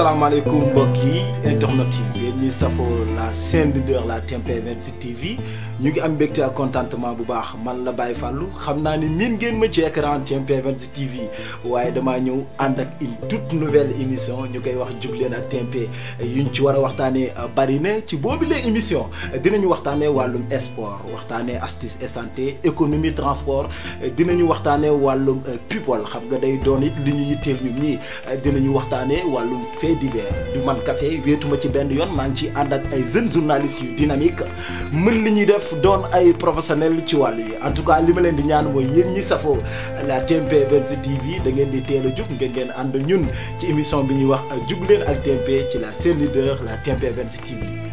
salaamaaleykum mbokk yi internet yi yéen ñi safoo la chaîne leader la TMP TV ñu ngi am mbégte ak contentement bu baax man la Baye Fallou xam naa ni miin ngeen ma ci écran TMP TV waaye damaa ñëw ànd ak une toute nouvelle émission ñu koy wax jug leen ak TMP yuñ ci war a waxtaanee euh, bari na ci boobu émission dinañu waxtaanee wàllum sport waxtaanee astuce et santé économie transport dinañu waxtaanee wàllum euh, people xam nga day doon it li ñu yitteel ñun ñii dinañu waxtaanee wàllum faits divers du man kase wéetuma ci benn yoon maa ngi ci ànd ak ay jeunes journalistes yu dynamique mën li ñuy def doon ay professionnels ci wàll yi en tout cas li ma leen di ñaan mooy yéen ñi safoo la TMP 26 TV da ngeen di teel a jug ngeen ngeen ànd ñun ci émission bi ñuy wax jug leen ak TMP ci la seen leader la TMP 26 TV.